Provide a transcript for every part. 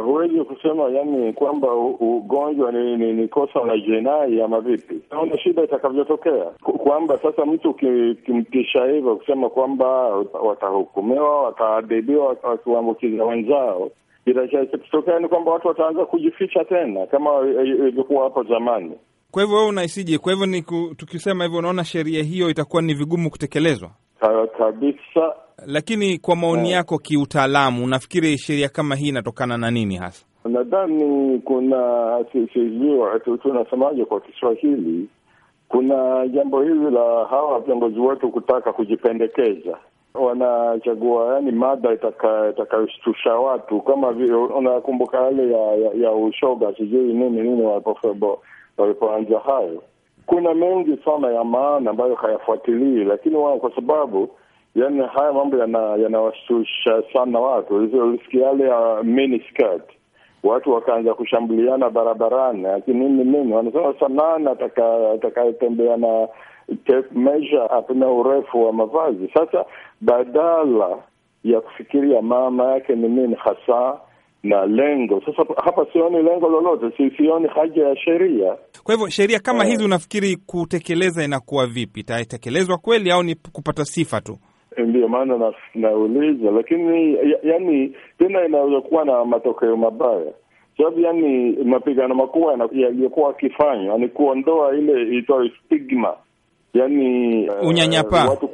Huwezi kusema yani kwamba ugonjwa ni, ni, ni kosa la jinai ama vipi? Naona shida itakavyotokea kwamba sasa mtu ukimtisha hivyo kusema kwamba watahukumiwa, wataadhibiwa wakiwaambukiza wenzao bila shaka kutokea ni kwamba watu wataanza kujificha tena kama ilivyokuwa hapo zamani. Kwa hivyo wewe unaisiji Kwa hivyo ni tukisema hivyo, unaona sheria hiyo itakuwa ni vigumu kutekelezwa kabisa. Lakini kwa maoni eh. yako kiutaalamu, unafikiri sheria kama hii inatokana na nini hasa? Nadhani kuna tunasemaje kwa Kiswahili, kuna jambo hili la hawa viongozi wetu kutaka kujipendekeza wanachagua yani mada itakayoshtusha watu, kama vile unakumbuka yale ya, ya, ya ushoga sijui nini nini, walipoanza hayo. Kuna mengi sana ya maana ambayo hayafuatilii, lakini wao kwa sababu yani haya mambo yanawashusha yana sana watu. Ulisikia yale ya mini skirt, watu wakaanza kushambuliana barabarani, lakini nini nini, wanasema sanani atakayetembea na tape measure apime urefu wa mavazi. Sasa badala ya kufikiria mama yake ni nini hasa na lengo sasa, hapa sioni lengo lolote, si sioni haja ya sheria. Kwa hivyo sheria kama yeah, hizi unafikiri kutekeleza inakuwa vipi? Itatekelezwa kweli au ni kupata sifa tu? Ndiyo maana nauliza, lakini yani tena inaweza kuwa na matokeo mabaya sababu yani mapigano makubwa yaliyokuwa akifanywa ni kuondoa ile itwayo stigma, yani eh, unyanyapaa, uh, watu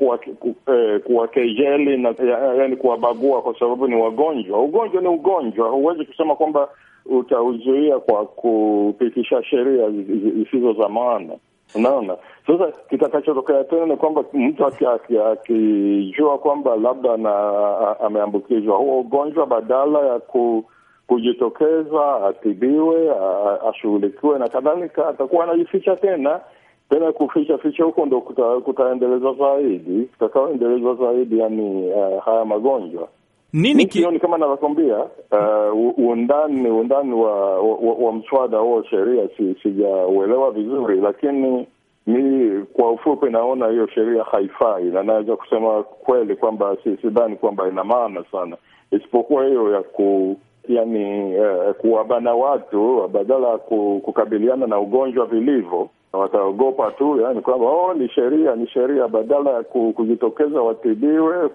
kuwakejeli kuwa eh, na yani kuwabagua kwa sababu ni wagonjwa. Ugonjwa ni ugonjwa, huwezi kusema kwamba utauzuia kwa kupitisha sheria zisizo za maana. Unaona, sasa kitakachotokea tena ni kwamba mtu akijua kwamba labda na ameambukizwa huo ugonjwa, badala ya ku, kujitokeza atibiwe, ashughulikiwe na kadhalika, atakuwa anajificha tena tena. Kuficha ficha huko ndo kuta, kutaendeleza zaidi kutakaoendelezwa zaidi, yani uh, haya magonjwa nini ki... ni kama navyokwambia uh, undani undani wa, wa, wa mswada huo sheria sijauelewa si vizuri, lakini mi kwa ufupi naona hiyo sheria haifai, na naweza kusema kweli kwamba sidhani si kwamba ina maana sana, isipokuwa hiyo ya ku yani uh, kuwabana watu badala ya kukabiliana na ugonjwa vilivyo wataogopa tu, yani kwamba oh, ni sheria ni sheria, badala ya kujitokeza watibiwe,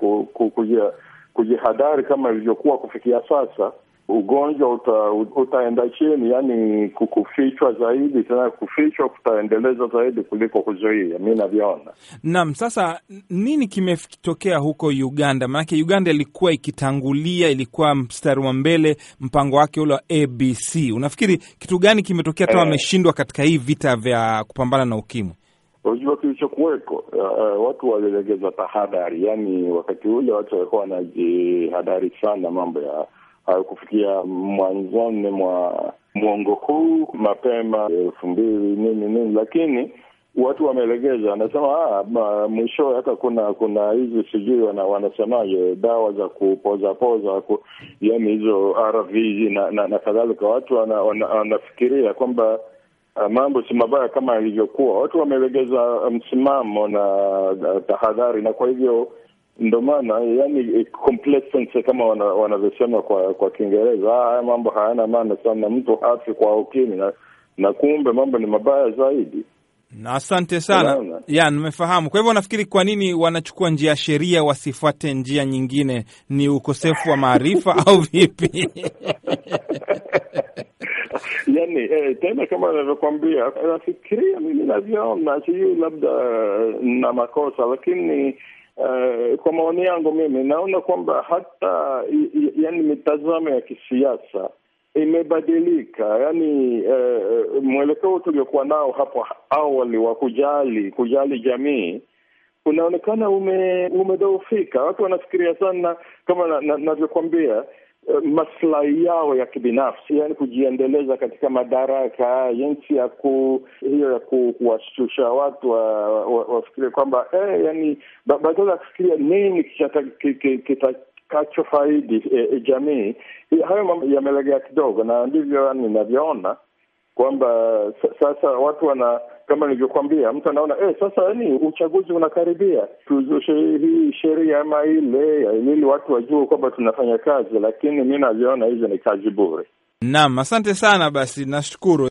kujia kujihadhari kama ilivyokuwa kufikia sasa, ugonjwa uta, utaenda chini, yani kufichwa zaidi, tena kufichwa kutaendeleza zaidi kuliko kuzuia, mi navyoona. Naam, sasa nini kimetokea huko Uganda? Maanake Uganda ilikuwa ikitangulia, ilikuwa mstari wa mbele, mpango wake ule wa ABC. Unafikiri kitu gani kimetokea, eh, tawa wameshindwa katika hii vita vya kupambana na ukimwi? Unajua kilichokuweko, uh, watu walilegeza tahadhari. Yani wakati ule watu walikuwa wanajihadhari sana, mambo ya uh, kufikia mwanzoni mwa mwongo huu mapema elfu mbili nini nini, lakini watu wamelegeza, wanasema ah, mwisho hata kuna kuna hizi sijui wana, wanasemaje dawa za kupozapoza ku, yani hizo RV na, na, na kadhalika. Watu wanafikiria wana, wana kwamba uh, mambo si mabaya kama yalivyokuwa. Watu wamelegeza uh, msimamo na uh, tahadhari, na kwa hivyo ndo maana yani eh, complacency kama wanavyosema wana kwa kwa Kiingereza, ah, haya mambo hayana maana sana, mtu hafi kwa ukimi na, na kumbe mambo ni mabaya zaidi. Asante sana ya, nimefahamu. Kwa hivyo nafikiri kwa nini wanachukua njia ya sheria, wasifuate njia nyingine? Ni ukosefu wa maarifa au vipi? yani e, eh, tena kama anavyokwambia, nafikiria mimi navyoona, sijui labda eh, na makosa, lakini Uh, kwa maoni yangu mimi naona kwamba hata yani mitazamo ya kisiasa imebadilika, yani uh, mwelekeo tuliokuwa nao hapo awali wa kujali kujali jamii unaonekana ume, umedhoofika. Watu wanafikiria sana kama navyokwambia na, na Eh, maslahi yao ya kibinafsi, yani kujiendeleza katika madaraka, jinsi ya ku hiyo ya kuwashtusha watu wafikirie wa, wa kwamba eh, yani badala ya kufikiria nini kitakachofaidi eh, eh, jamii. Eh, hayo mambo yamelegea kidogo, na ndivyo ninavyoona kwamba sasa watu wana kama nilivyokwambia, mtu anaona eh, sasa ni uchaguzi unakaribia, tuzushe hii sheria ama ile ili watu wajue kwamba tunafanya kazi, lakini mi naviona hizo ni kazi bure. Naam, asante sana basi, nashukuru.